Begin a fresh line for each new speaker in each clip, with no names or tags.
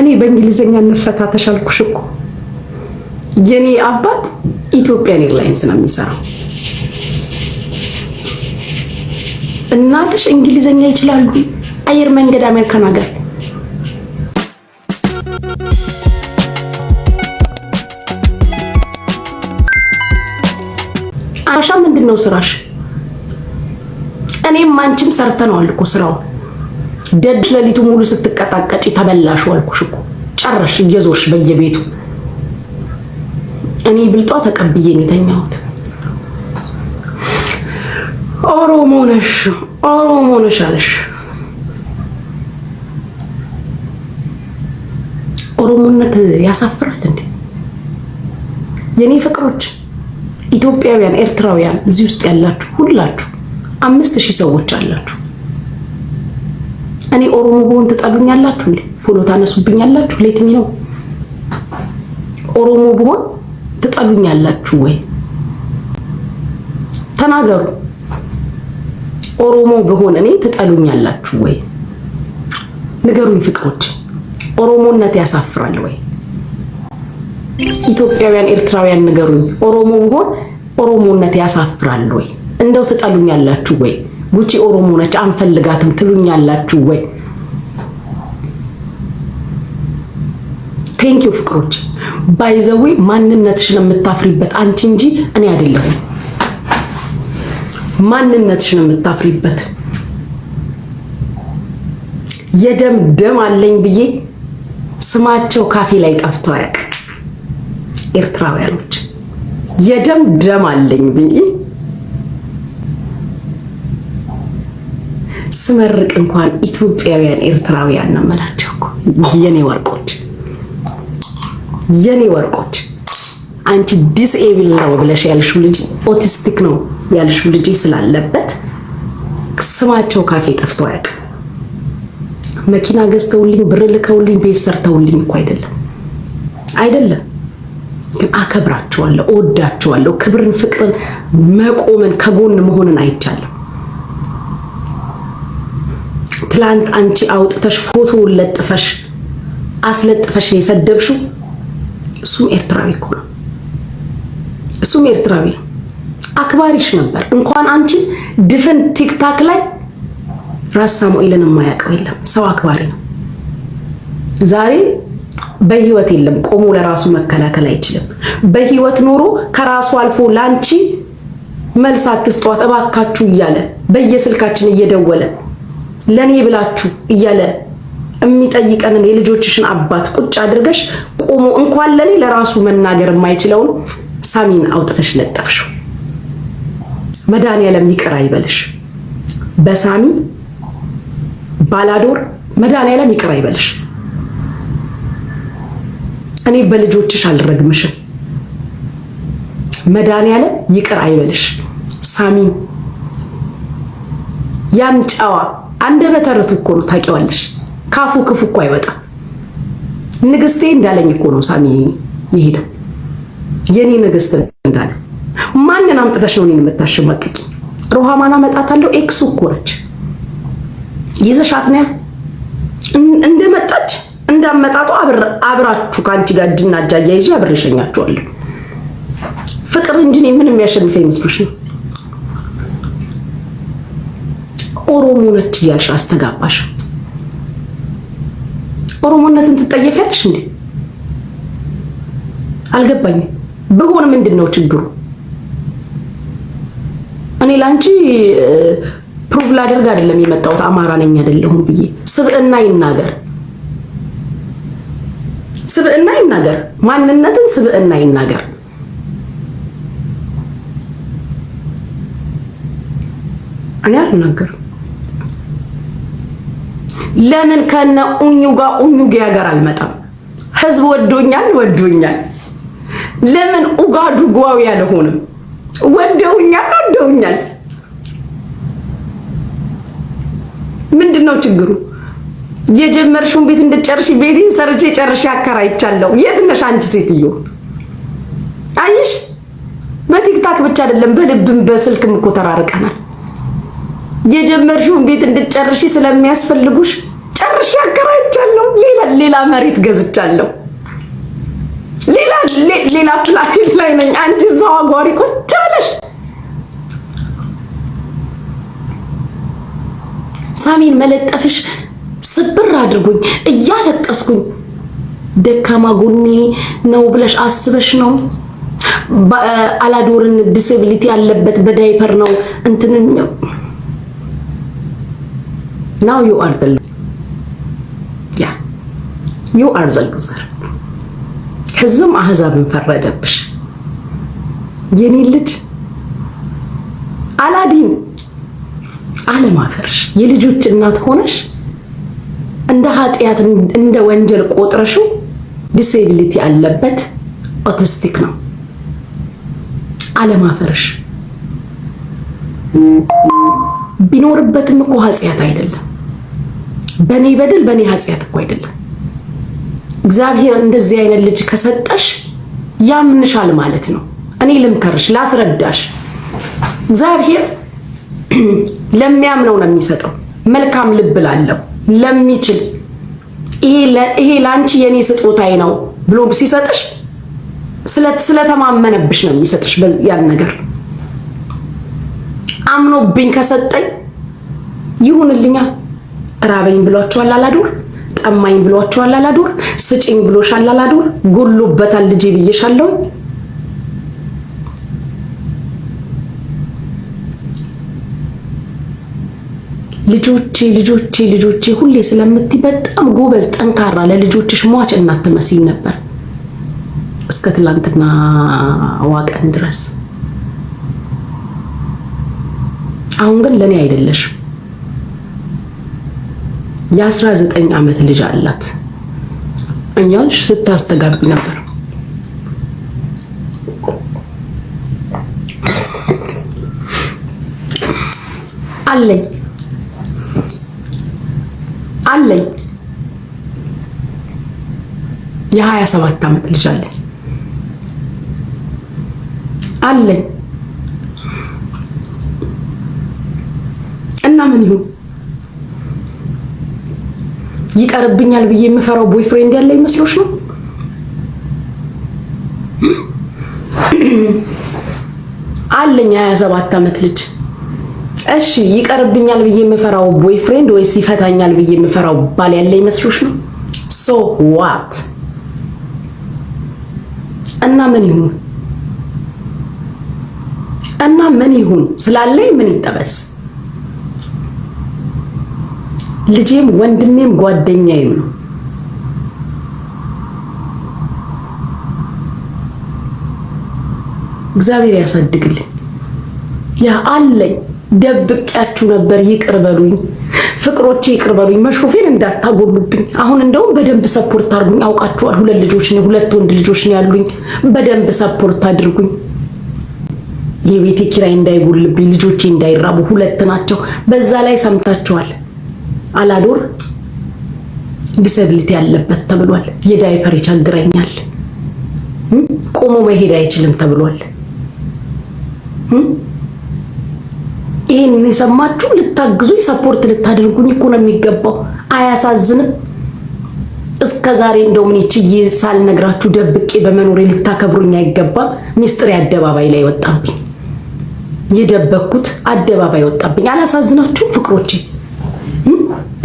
እኔ በእንግሊዝኛ እንፈታተሽ አልኩሽ እኮ የኔ አባት ኢትዮጵያን ኤርላይንስ ነው የሚሰራው። እናትሽ እንግሊዝኛ ይችላሉ። አየር መንገድ አሜሪካን ሀገር አሻ ምንድን ነው ስራሽ? እኔም አንቺም ሰርተነዋል እኮ ስራውን ደጅ ለሊቱ ሙሉ ስትቀጣቀጭ ተበላሽ አልኩሽ እኮ ጨረሽ እየዞርሽ በየቤቱ እኔ ብልጧ ተቀብዬ ነው የተኛሁት። ኦሮሞ ነሽ ኦሮሞ ነሽ አለሽ። ኦሮሞነት ያሳፍራል እንዴ? የኔ ፍቅሮች ኢትዮጵያውያን፣ ኤርትራውያን እዚህ ውስጥ ያላችሁ ሁላችሁ አምስት ሺህ ሰዎች አላችሁ። እኔ ኦሮሞ በሆን ትጠሉኛላችሁ እንዴ? ፎሎ ታነሱብኛላችሁ? ሌትሚ ነው ኦሮሞ በሆን ትጠሉኛላችሁ ወይ? ተናገሩ። ኦሮሞ በሆን እኔ ትጠሉኛላችሁ ወይ? ንገሩኝ ፍቅሮች። ኦሮሞነት ያሳፍራል ወይ? ኢትዮጵያውያን፣ ኤርትራውያን ንገሩኝ። ኦሮሞ ብሆን ኦሮሞነት ያሳፍራል ወይ? እንደው ትጠሉኛላችሁ ወይ? ጉቺ ኦሮሞ ነች አንፈልጋትም ትሉኛላችሁ ወይ? ዩ ፍቅሮች። ባይዘዌ ማንነትሽን የምታፍሪበት አንቺ እንጂ እኔ አይደለሁም። ማንነትሽን የምታፍሪበት የደም ደም አለኝ ብዬ ስማቸው ካፌ ላይ ጠፍቶ አያውቅም። ኤርትራውያኖች የደም ደም አለኝ ብዬ ስመርቅ እንኳን ኢትዮጵያውያን ኤርትራውያን ነው የምላቸው እኮ የኔ ወርቆች፣ የኔ ወርቆች። አንቺ ዲስኤብል ነው ብለሽ ያልሽው ልጅ ኦቲስቲክ ነው ያልሽው ልጅ ስላለበት ስማቸው ካፌ ጠፍቶ አያውቅም። መኪና ገዝተውልኝ ብር ልከውልኝ ቤት ሰርተውልኝ እኮ አይደለም አይደለም። ግን አከብራቸዋለሁ፣ እወዳቸዋለሁ። ክብርን፣ ፍቅርን፣ መቆምን ከጎን መሆንን አይቻለሁ። ትላንት አንቺ አውጥተሽ ፎቶ ለጥፈሽ አስለጥፈሽ ነው የሰደብሽው። እሱም ኤርትራዊ እኮ ነው። እሱም ኤርትራዊ ነው። አክባሪሽ ነበር። እንኳን አንቺ ድፍን ቲክታክ ላይ ራስ ሳሙኤልን የማያውቀው የለም። ሰው አክባሪ ነው። ዛሬ በህይወት የለም። ቆሞ ለራሱ መከላከል አይችልም። በህይወት ኖሮ ከራሱ አልፎ ላንቺ መልስ አትስጧት እባካችሁ እያለ በየስልካችን እየደወለ ለኔ ብላችሁ እያለ የሚጠይቀንን የልጆችሽን አባት ቁጭ አድርገሽ ቆሞ እንኳን ለኔ ለራሱ መናገር የማይችለውን ሳሚን አውጥተሽ ለጠፍሽው። መድኃኒዓለም ይቅር አይበልሽ። በሳሚ ባላዶር መድኃኒዓለም ይቅር አይበልሽ። እኔ በልጆችሽ አልረግምሽም። መድኃኒዓለም ይቅር አይበልሽ። ሳሚን ያን ጨዋ አንደበተርቱ እኮ ነው ታውቂዋለሽ። ካፉ ክፉ እኮ አይወጣም። ንግስቴ እንዳለኝ እኮ ነው ሳሚ የሄደው የኔ ንግስት እንዳለ ማንን አምጥተሽ ነው እኔን የምታሸማቅቂ? ሮሃማና መጣታለሁ። ኤክሱ እኮ ነች። ይዘሻት ነያ እንደመጣች እንዳመጣጡ አብራችሁ ከአንቺ ጋር እጅና እጅ አያይዤ አብሬ እሸኛችኋለሁ። ፍቅር እንጂ እኔ ምንም የሚያሸንፈ ይመስሉሽ ነው? ኦሮሞነት እያልሽ አስተጋባሽ። ኦሮሞነትን ትጠየፊያለሽ እንዴ? አልገባኝም። ብሆን ምንድን ነው ችግሩ? እኔ ለአንቺ ፕሩቭ ላደርግ አይደለም የመጣሁት አማራ ነኝ አይደለሁም ብዬ። ስብዕና ይናገር፣ ስብዕና ይናገር፣ ማንነትን ስብዕና ይናገር። እኔ አልናገርም። ለምን ከነ ኡኙ ጋር ኡኙ ጋር አልመጣም? ህዝብ ወዶኛል ወዶኛል። ለምን ኡጋዱጓዊ አልሆንም? ወደውኛል ወደውኛል። ምንድን ነው ችግሩ? የጀመርሽውን ቤት እንድጨርሽ ቤቴን ሰርቼ ጨርሼ አከራይቻለሁ። የት ነሽ አንቺ ሴትዮ? አይሽ በቲክታክ ብቻ አይደለም በልብም በስልክም እኮ ተራርቀናል። የጀመርሽውን ቤት እንድጨርሽ ስለሚያስፈልጉሽ እሺ አከራይቻለሁ። ሌላ ሌላ መሬት ገዝቻለሁ። ሌላ ሌላ ፕላኔት ላይ ነኝ። አንቺ እዛው አጓሪ ቁጭ ብለሽ ሳሜን መለጠፍሽ ስብር አድርጉኝ። እያለቀስኩኝ ደካማ ጎኔ ነው ብለሽ አስበሽ ነው። አላዶርን ዲስብሊቲ ያለበት በዳይፐር ነው እንትን ናው ዩ አር ዩ አር ዘ ሉዘር። ህዝብም አህዛብን ፈረደብሽ። የኔ ልጅ አላዲን አፈርሽ የልጆች እናት ሆነሽ እንደ ኃጢአት እንደ ወንጀል ቆጥረሹ ዲሴቢሊቲ ያለበት ኦቲስቲክ ነው። አለማፈርሽ ቢኖርበትም እኮ ኃጢአት አይደለም። በእኔ በደል በእኔ ኃጢአት እኮ አይደለም። እግዚአብሔር እንደዚህ አይነት ልጅ ከሰጠሽ ያምንሻል ማለት ነው። እኔ ልምከርሽ፣ ላስረዳሽ። እግዚአብሔር ለሚያምነው ነው የሚሰጠው። መልካም ልብ ላለው ለሚችል ይሄ ለአንቺ የኔ ስጦታዬ ነው ብሎ ሲሰጥሽ ስለተማመነብሽ ነው የሚሰጥሽ። ያን ነገር አምኖብኝ ከሰጠኝ ይሁንልኛ። ራበኝ ብሏችኋል አላዶር ጠማኝ ብሏችኋል አላዶር? ስጭኝ ብሎሻል አላዶር? ጎሎበታል ልጄ ብዬሻለሁ። ልጆቼ ልጆቼ ልጆቼ ሁሌ ስለምትይ በጣም ጎበዝ፣ ጠንካራ ለልጆችሽ ሟች እናት ነበር እስከ ትላንትና ዋቀን ድረስ። አሁን ግን ለእኔ አይደለሽም። የ19 ዓመት ልጅ አላት። እኛልሽ ስታስተጋቢ ነበር። አለኝ አለኝ የ27 ዓመት ልጅ አለኝ አለኝ እና ምን ይሁን ይቀርብኛል ብዬ የምፈራው ቦይፍሬንድ ያለ ይመስሎች ነው? አለኝ 27 ዓመት ልጅ። እሺ ይቀርብኛል ብዬ የምፈራው ቦይፍሬንድ ወይስ ይፈታኛል ብዬ የምፈራው ባል ያለ ይመስሎች ነው? ሶ ዋት እና ምን ይሁን እና ምን ይሁን ስላለኝ ምን ይጠበስ ልጄም ወንድሜም ጓደኛዬም ነው። እግዚአብሔር ያሳድግልኝ። ያ አለኝ ደብቄያችሁ ነበር፣ ይቅር በሉኝ ፍቅሮቼ፣ ይቅር በሉኝ። እንዳታጎሉብኝ። አሁን እንደውም በደንብ ሰፖርት አድርጉኝ። አውቃችኋል፣ ሁለት ልጆች ነው ሁለት ወንድ ልጆች ነው ያሉኝ። በደንብ ሰፖርት አድርጉኝ። የቤቴ ኪራይ እንዳይጎልብኝ፣ ልጆቼ እንዳይራቡ፣ ሁለት ናቸው። በዛ ላይ ሰምታችኋል። አላዶር ዲሰብሊቲ ያለበት ተብሏል። የዳይፐር ይቸግረኛል፣ ቆሞ መሄድ አይችልም ተብሏል። ይህን የሰማችሁ ልታግዙኝ፣ ሰፖርት ልታደርጉኝ እኮ ነው የሚገባው። አያሳዝንም? እስከ ዛሬ እንደው ምን ይችዬ ሳልነግራችሁ ደብቄ በመኖሬ ልታከብሩኝ አይገባም። ሚስጥር አደባባይ ላይ ወጣብኝ፣ የደበኩት አደባባይ ወጣብኝ። አላሳዝናችሁም ፍቅሮቼ?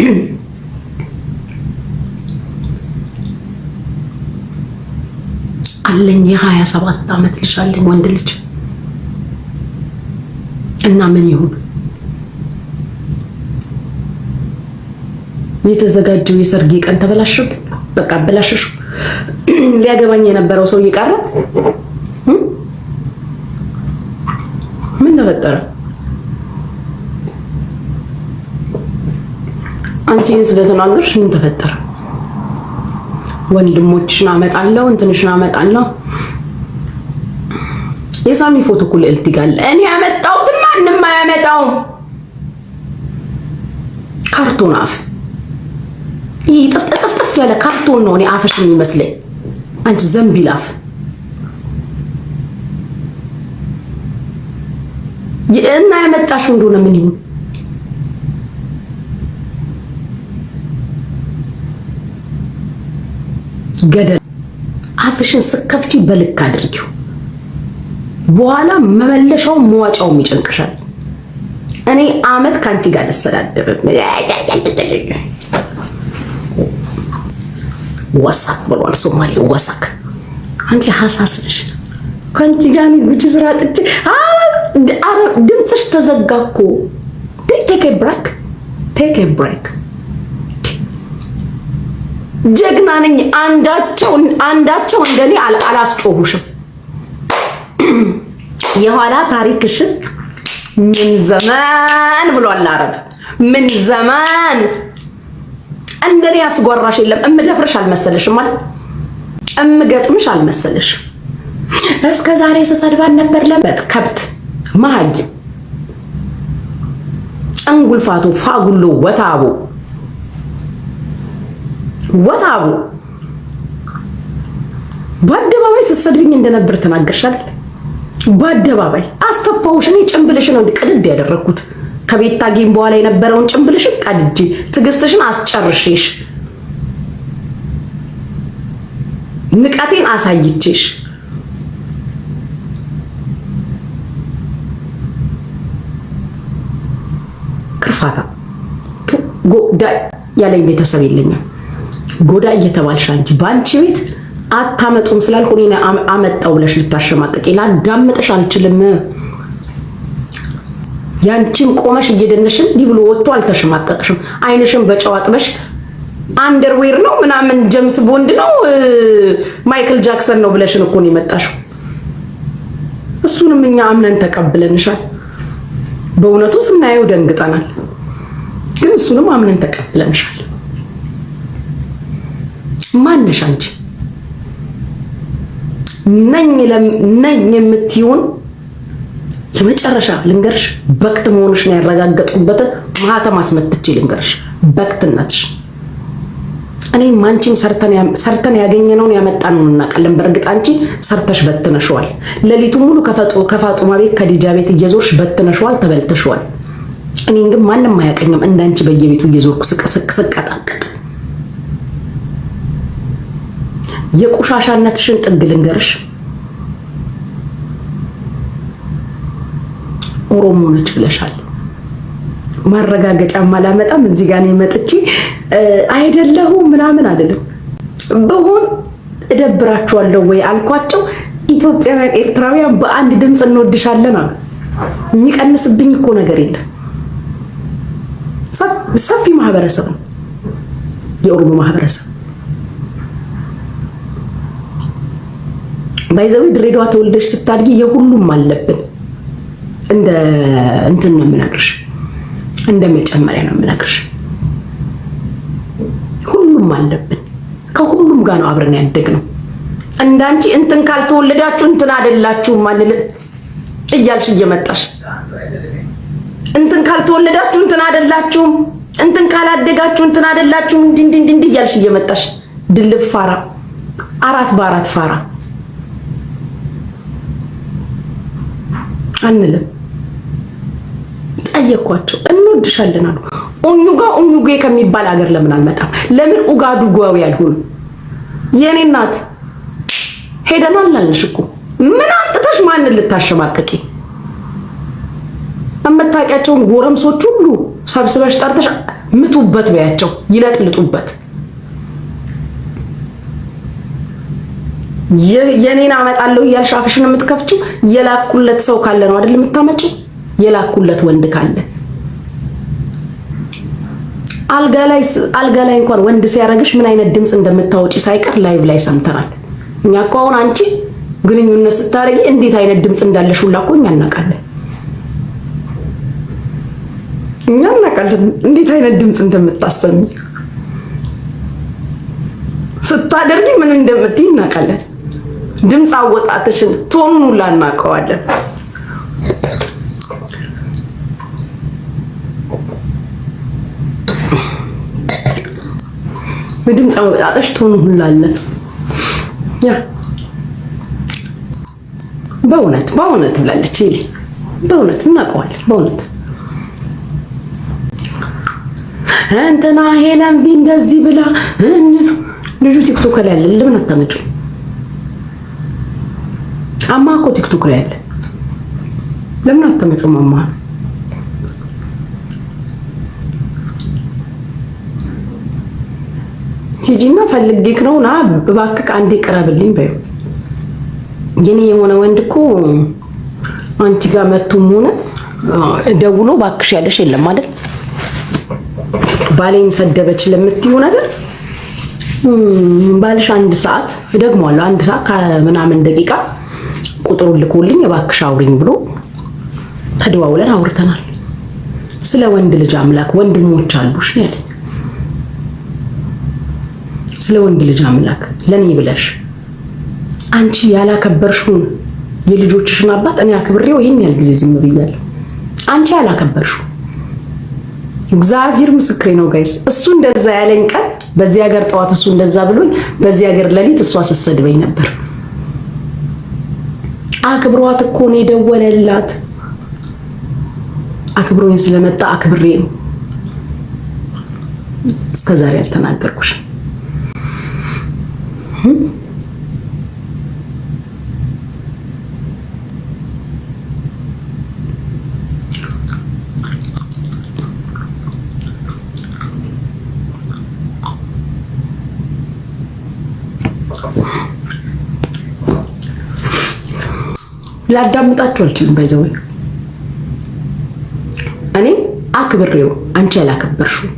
አለኝ የሀያ ሰባት ዓመት ልጅ አለኝ ወንድ ልጅ እና ምን ይሁን የተዘጋጀው የሰርጌ ቀን ተበላሸብኝ። በቃ አበላሸሹ። ሊያገባኝ የነበረው ሰው እየቀረ ምን ተፈጠረ? አንቺ ይህን ስለተናገርሽ ምን ተፈጠረ? ወንድሞችሽን አመጣለሁ እንትንሽን አመጣለሁ። የሳሚ ፎቶ እኮ ልዕልት ይጋል እኔ ያመጣሁትን ማንም አያመጣውም። ካርቶን አፍ ይህ ጥፍጥፍጥፍ ያለ ካርቶን ነው። እኔ አፍሽ የሚመስለኝ አንቺ ዘንቢል አፍ እና ያመጣሽው እንደሆነ ምን ይሁን ገደል አፍሽን ስከፍቺ በልክ አድርጊው። በኋላ መመለሻው መዋጫውም ይጨንቅሻል። እኔ አመት ከአንቺ ጋር አልሰዳደብም። ወሳክ ብሏል ሶማሌ ወሳክ። አንቺ ሀሳስሽ ነሽ። ከአንቺ ጋር ጉቺ ስራ ጥጭ ድምፅሽ ተዘጋኩ። ቴክ ብሬክ ቴክ ብሬክ ጀግና ነኝ። አንዳቸው አንዳቸው እንደኔ አላስጮሁሽም። የኋላ ታሪክሽን ምን ዘመን ብሏል አረብ ምን ዘመን እንደኔ ያስጓራሽ የለም። እምደፍርሽ አልመሰለሽም ማለት እምገጥምሽ አልመሰለሽም። እስከ ዛሬ ስሰድባን ነበር ለበት ከብት መሀይም እንጉልፋቱ ፋጉሎ ወታቦ ወታቡ በአደባባይ ስትሰድብኝ እንደነበር ተናገርሽ አይደል? በአደባባይ አስተፋውሽ። እኔ ጭንብልሽን ነው ቅድድ ያደረግኩት ከቤታ ጌም በኋላ የነበረውን ጭንብልሽን ቀድጄ ትዕግስትሽን አስጨርሼሽ ንቀቴን አሳይቼሽ ክርፋታ ያለኝ ቤተሰብ የለኝም። ጎዳ እየተባልሽ አንቺ በአንቺ ቤት አታመጡም ስላልኩ እኔ አመጣው ብለሽ ልታሸማቀቂ ላዳምጥሽ አልችልም። ያንቺን ቆመሽ እየደነሽን እንዲህ ብሎ ወጥቶ አልተሸማቀቅሽም። አይንሽን በጨው አጥበሽ አንደርዌር ነው ምናምን ጀምስ ቦንድ ነው ማይክል ጃክሰን ነው ብለሽን እኮ ነው የመጣሽው። እሱንም እኛ አምነን ተቀብለንሻል። በእውነቱ ስናየው ደንግጠናል፣ ግን እሱንም አምነን ተቀብለንሻል። ማነሽ አንቺ ነኝ የምትሆን የመጨረሻ ልንገርሽ፣ በክት መሆንሽ መሆንሽን ያረጋገጥኩበትን ማህተም አስመትቼ ልንገርሽ፣ በክትነትሽ እኔም አንቺም ሰርተን ያገኘነውን ያመጣነውን እናውቃለን። በእርግጥ አንቺ ሰርተሽ በትነሸዋል። ሌሊቱን ሙሉ ከፋጡማ ቤት ከዲጃ ቤት እየዞርሽ በትነሸዋል፣ ተበልተሸዋል። እኔን ግን ማንም አያቀኝም እንዳንቺ በየቤቱ እየዞርኩ ስቀጠቅጥ የቆሻሻነትሽን ጥግ ልንገርሽ። ኦሮሞ ነች ብለሻል። ማረጋገጫ አላመጣም እዚህ ጋር ነው መጥቼ አይደለሁ ምናምን አይደለም በሆን እደብራችኋለሁ ወይ አልኳቸው። ኢትዮጵያውያን ኤርትራውያን በአንድ ድምፅ እንወድሻለን አሉ። የሚቀንስብኝ እኮ ነገር የለም። ሰፊ ማህበረሰብ ነው የኦሮሞ ማህበረሰብ ባይዘዊ ድሬዳዋ ተወልደሽ ስታድጊ የሁሉም አለብን። እንደ እንትን ነው የምነግርሽ፣ እንደ መጨመሪያ ነው የምነግርሽ። ሁሉም አለብን። ከሁሉም ጋር ነው አብረን ያደግነው። እንዳንቺ እንትን ካልተወለዳችሁ እንትን አይደላችሁም አንል እያልሽ እየመጣሽ እንትን ካልተወለዳችሁ እንትን አይደላችሁም፣ እንትን ካላደጋችሁ እንትን አይደላችሁም፣ እንዲህ እንዲህ እንዲህ እያልሽ እየመጣሽ ድልብ ፋራ፣ አራት በአራት ፋራ አንልም። ጠየኳቸው። እንወድሻለን አሉ። ኡኙጋ ኡኙጌ ከሚባል ሀገር ለምን አልመጣም? ለምን ኡጋዱጓዊ ያልሆኑ? የኔ እናት ሄደናል አላለሽ እኮ ምን አምጥተሽ ማንን ልታሸማቀቂ? የምታውቂያቸውን ጎረምሶች ሁሉ ሰብስበሽ ጠርተሽ ምቱበት በያቸው፣ ይለጥልጡበት። የኔን አመጣለሁ እያልሽ አፍሽን የምትከፍችው የላኩለት ሰው ካለ ነው አይደል? የምታመጪው የላኩለት ወንድ ካለ አልጋ ላይ አልጋ ላይ እንኳን ወንድ ሲያረግሽ ምን አይነት ድምፅ እንደምታወጪ ሳይቀር ላይቭ ላይ ሰምተናል። እኛ እኮ አሁን አንቺ ግንኙነት ስታረጊ እንዴት አይነት ድምፅ እንዳለሽ ሁላ እኮ እኛ እናውቃለን። እኛ እናውቃለን እንዴት አይነት ድምፅ እንደምታሰሚ ስታደርጊ ምን እንደምትይ እናውቃለን። ድምፅ አወጣትሽን ቶኑን ሁላ እናውቀዋለን። ድምፅ አወጣጠሽ ቶኑን ሁላ አለን። በእውነት በእውነት ብላለች። ይሄ በእውነት እናውቀዋለን። በእውነት እንትና ሄለን ቢ እንደዚህ ብላ ልጁ ቲክቶክ ላይ ያለን ለምን አታመጭው? ጫማ እኮ ቲክቶክ ላይ አለ። ለምን አትቀመጪውም? አማ ሂጂና ፈልጌክ ነው ና እባክህ አንዴ ቅረብልኝ በይው። የኔ የሆነ ወንድ እኮ አንቺ ጋር መቶም ሆነ ደውሎ ባክሽ ያለሽ የለም አይደል? ባሌን ሰደበች ለምትይው ነገር ባልሽ አንድ ሰዓት እደግመዋለሁ አንድ ሰዓት ከምናምን ደቂቃ ቁጥሩን ልኮልኝ እባክሽ አውሪኝ ብሎ ተደዋውለን አውርተናል። ስለ ወንድ ልጅ አምላክ ወንድሞች አሉሽ ነው ያለኝ። ስለ ወንድ ልጅ አምላክ ለኔ ብለሽ አንቺ ያላከበርሽውን የልጆችሽን አባት እኔ አክብሬው ይህን ያህል ጊዜ ዝም ብያለሁ። አንቺ ያላከበርሽው እግዚአብሔር ምስክሬ ነው ጋይስ። እሱ እንደዛ ያለኝ ቀን በዚህ ሀገር ጠዋት እሱ እንደዛ ብሎኝ፣ በዚህ ሀገር ሌሊት እሷ ስትሰድበኝ ነበር። አክብሯት እኮ ነው የደወለላት። አክብሮኝ ስለመጣ አክብሬ ነው እስከዛሬ አልተናገርኩሽ። ላዳምጣችሁ አልችልም። ባይዘው እኔ አክብሬው አንቺ ያላከበርሽው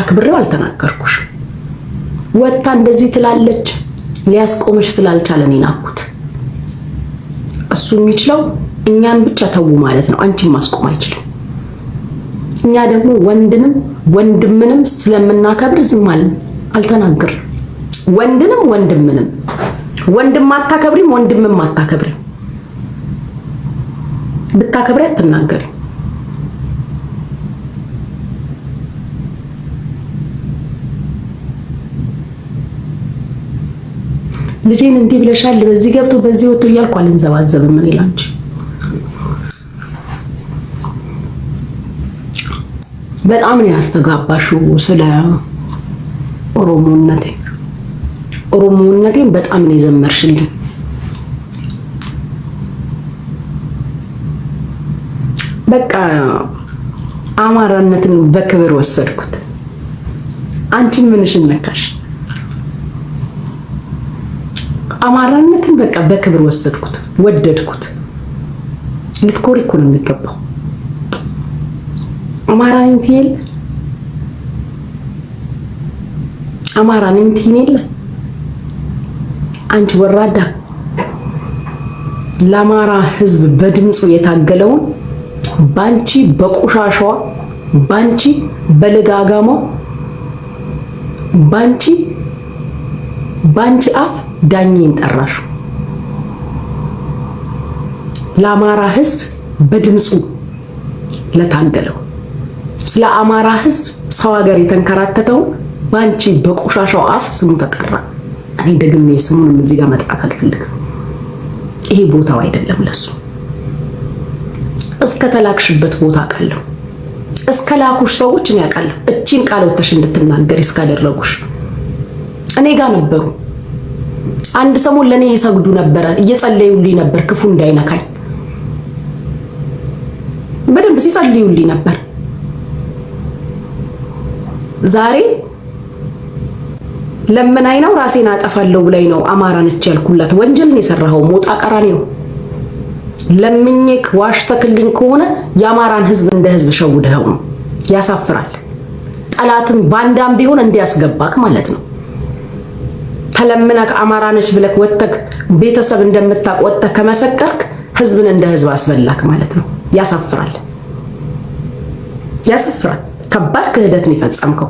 አክብሬው አልተናገርኩሽ። ወታ እንደዚህ ትላለች ሊያስቆምሽ ስላልቻለ እኔ ናኩት። እሱ የሚችለው እኛን ብቻ ተው ማለት ነው። አንቺን ማስቆም አይችልም። እኛ ደግሞ ወንድንም ወንድምንም ስለምናከብር ዝም አልን፣ አልተናገርም። ወንድንም ወንድምንም ወንድም አታከብሪም፣ ወንድምም አታከብሪም። ብታከብሪ አትናገሪ። ልጄን እንዲህ ብለሻል፣ በዚህ ገብቶ በዚህ ወጥቶ እያልኩ አልንዘባዘብም። ምን ይላንች በጣም ነው ያስተጋባሽው። ስለ ኦሮሞነቴ ኦሮሞነቴን በጣም ነው የዘመርሽልኝ። በቃ አማራነትን በክብር ወሰድኩት። አንቺ ምንሽ ነካሽ? አማራነትን በቃ በክብር ወሰድኩት፣ ወደድኩት። ልትኮሪ እኮ ነው የሚገባው። አማራነት የለ አማራነት የለ አንቺ ወራዳ ለአማራ ሕዝብ በድምፁ የታገለውን ባንቺ በቁሻሻዋ ባንቺ በልጋጋሟ፣ ባንቺ ባንቺ አፍ ዳኝን ጠራሹ። ለአማራ ህዝብ በድምፁ ለታገለው ስለ አማራ ህዝብ ሰው ሀገር የተንከራተተው ባንቺ በቆሻሻው አፍ ስሙ ተጠራ። እኔ ደግሜ ስሙንም እዚህ ጋር መጥራት አልፈልግም። ይሄ ቦታው አይደለም ለሱ። እስከ ተላክሽበት ቦታ አውቃለሁ። እስከ ላኩሽ ሰዎች እኔ አውቃለሁ። እቺን ቃል ወተሽ እንድትናገር እስካደረጉሽ እኔ ጋር ነበሩ። አንድ ሰሞን ለእኔ ይሰግዱ ነበረ፣ እየጸለዩልኝ ነበር ክፉ እንዳይነካኝ በደንብ ሲጸልዩልኝ ነበር። ዛሬ ለምን አይነው ራሴን አጠፋለሁ ብላይ ነው አማራ ነች ያልኩላት። ወንጀልን የሰራኸው ሞጣ ቀራኔው ለምኝክ ዋሽተክልኝ ከሆነ የአማራን ህዝብ እንደ ህዝብ ሸውደኸው ነው። ያሳፍራል። ጠላትን ባንዳም ቢሆን እንዲያስገባክ ማለት ነው። ተለምነክ አማራነች ብለክ ወጥተክ ቤተሰብ እንደምታቅ ወጥተክ ከመሰከርክ ህዝብን እንደ ህዝብ አስበላክ ማለት ነው። ያሳፍራል፣ ያሳፍራል። ከባድ ክህደትን የፈጸምከው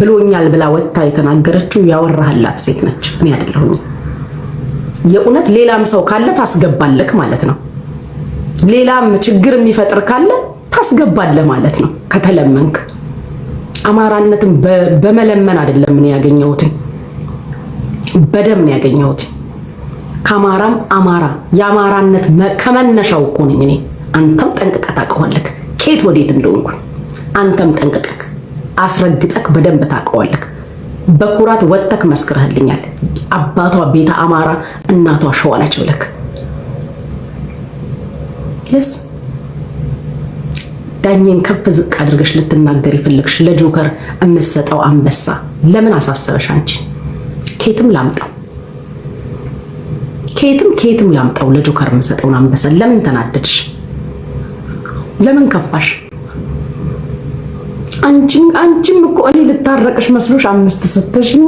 ብሎኛል ብላ ወጥታ የተናገረችው ያወራህላት ሴት ነች። እኔ አይደለሁም። የእውነት ሌላም ሰው ካለ ታስገባለክ ማለት ነው። ሌላም ችግር የሚፈጥር ካለ ታስገባለህ ማለት ነው። ከተለመንክ አማራነትን በመለመን አይደለም ነው ያገኘሁትን በደም ነው ያገኘሁት። ከአማራም አማራ የአማራነት ከመነሻው እኮ ነኝ እኔ። አንተም ጠንቅቀህ ታውቀዋለህ ኬት ወዴት እንደሆንኩኝ። አንተም ጠንቅቀህ አስረግጠህ በደንብ ታውቀዋለህ። በኩራት ወጥተክ መስክረህልኛል። አባቷ ቤተ አማራ እናቷ ሸዋ ናቸው ብለክ የስ ዳኘን ከፍ ዝቅ አድርገሽ ልትናገር የፈለግሽ ለጆከር የምትሰጠው አንበሳ ለምን አሳሰበሽ? አንቺ ኬትም ላምጠው? ኬትም ኬትም ላምጣው ለጆከር የምሰጠውን አንበሳ ለምን ተናደድሽ? ለምን ከፋሽ? አንቺን አንቺም እኮ እኔ ልታረቅሽ መስሎሽ አምስት ሰተሽኝ።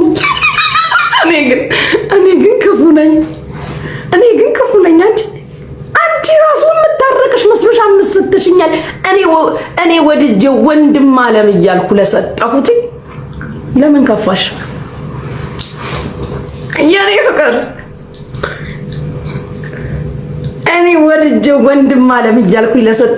እኔ ግን እኔ ግን ክፉ ነኝ፣ እኔ ግን ክፉ ነኝ። አንቺ አንቺ ራሱ የምታረቅሽ መስሎሽ አምስት ሰተሽኛል። እኔ እኔ ወድጄ ወንድም አለም እያልኩ ለሰጠሁት ለምን ከፋሽ የኔ ፍቅር? እኔ ወድጄ ወንድም አለም እያልኩ ለሰጠ